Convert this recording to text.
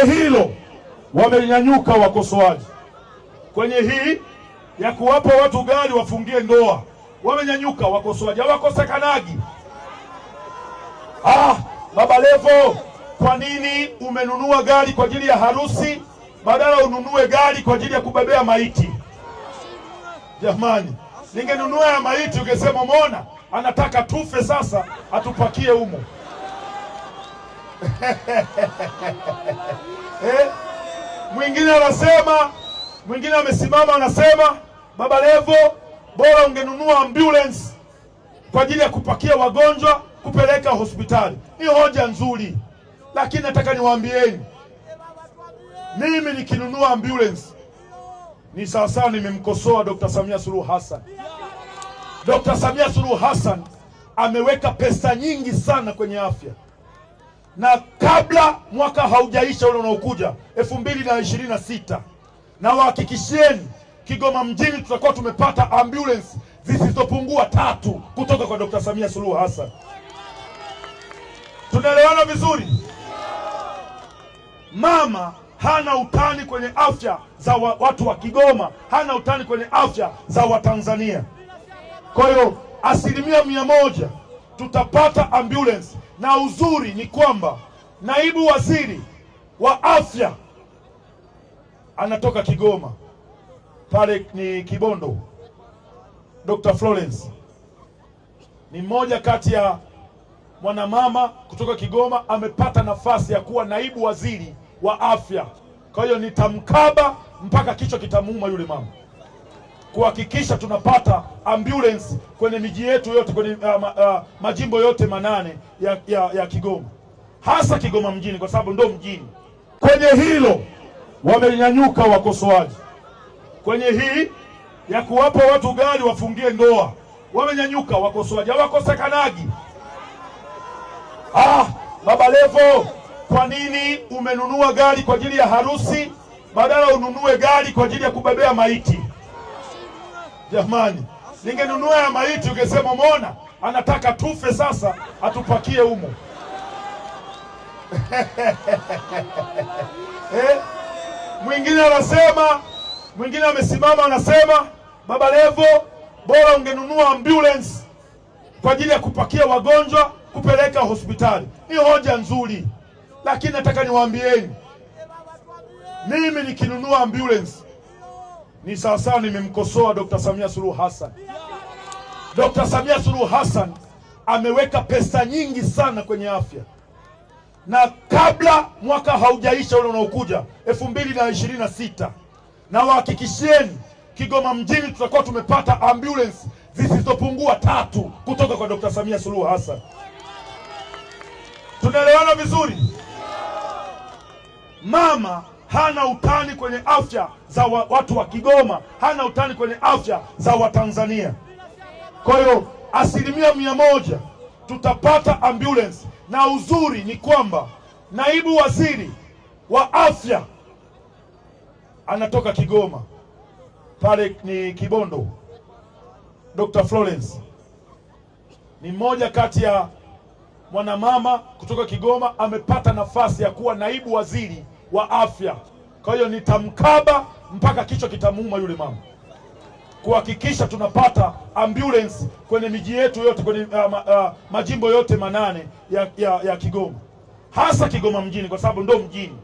Kwenye hilo wamenyanyuka wakosoaji, kwenye hii ya kuwapa watu gari wafungie ndoa wamenyanyuka wakosoaji, hawakosekanagi. Ah, Baba Levo, kwa nini umenunua gari kwa ajili ya harusi badala ununue gari kwa ajili ya kubebea maiti? Jamani, ningenunua ya maiti ungesema umeona, anataka tufe sasa, atupakie humo Mwingine anasema, mwingine amesimama anasema, Baba Levo, bora ungenunua ambulance kwa ajili ya kupakia wagonjwa kupeleka hospitali. Ni hoja nzuri, lakini nataka niwaambieni, mimi nikinunua ambulance ni sawasawa nimemkosoa Dr. Samia Suluhu Hassan. Dr. Samia Suluhu Hassan ameweka pesa nyingi sana kwenye afya na kabla mwaka haujaisha ule unaokuja elfu mbili na ishirini na sita, na wahakikishieni Kigoma mjini tutakuwa tumepata ambulance zisizopungua tatu kutoka kwa Dr. Samia Suluhu Hassan. Tunaelewana vizuri? Mama hana utani kwenye afya za wa, watu wa Kigoma, hana utani kwenye afya za Watanzania. Kwa hiyo asilimia mia moja tutapata ambulensi na uzuri ni kwamba naibu waziri wa afya anatoka Kigoma, pale ni Kibondo. Dr. Florence ni mmoja kati ya mwanamama kutoka Kigoma, amepata nafasi ya kuwa naibu waziri wa afya. Kwa hiyo nitamkaba mpaka kichwa kitamuuma yule mama kuhakikisha tunapata ambulance kwenye miji yetu yote kwenye uh, uh, majimbo yote manane ya, ya, ya Kigoma hasa Kigoma mjini kwa sababu ndo mjini. Kwenye hilo wamenyanyuka wakosoaji, kwenye hii ya kuwapa watu gari wafungie ndoa wamenyanyuka wakosoaji, hawakosekanagi. Ah, Baba Levo, kwa nini umenunua gari kwa ajili ya harusi badala ununue gari kwa ajili ya kubebea maiti? Jamani, ningenunua ya maiti ungesema umeona, anataka tufe sasa, atupakie humo eh? Mwingine anasema mwingine amesimama anasema, Baba Levo, bora ungenunua ambulance kwa ajili ya kupakia wagonjwa kupeleka hospitali. Ni hoja nzuri, lakini nataka niwaambieni, mimi nikinunua ambulance ni sawasawa nimemkosoa Dr. Samia Suluhu Hassan. Dr. Samia Suluhu Hassan ameweka pesa nyingi sana kwenye afya, na kabla mwaka haujaisha ule unaokuja elfu mbili na ishirini na sita, na wahakikishieni Kigoma mjini tutakuwa tumepata ambulensi zisizopungua tatu kutoka kwa Dr. Samia Suluhu Hassan. Tunaelewana vizuri mama? hana utani kwenye afya za wa, watu wa Kigoma, hana utani kwenye afya za Watanzania. Kwa hiyo asilimia mia moja tutapata ambulance, na uzuri ni kwamba naibu waziri wa afya anatoka Kigoma, pale ni Kibondo. Dr. Florence ni mmoja kati ya mwanamama kutoka Kigoma, amepata nafasi ya kuwa naibu waziri wa afya. Kwa hiyo nitamkaba mpaka kichwa kitamuuma yule mama, kuhakikisha tunapata ambulance kwenye miji yetu yote, kwenye uh, uh, majimbo yote manane ya, ya, ya Kigoma, hasa Kigoma mjini, kwa sababu ndo mjini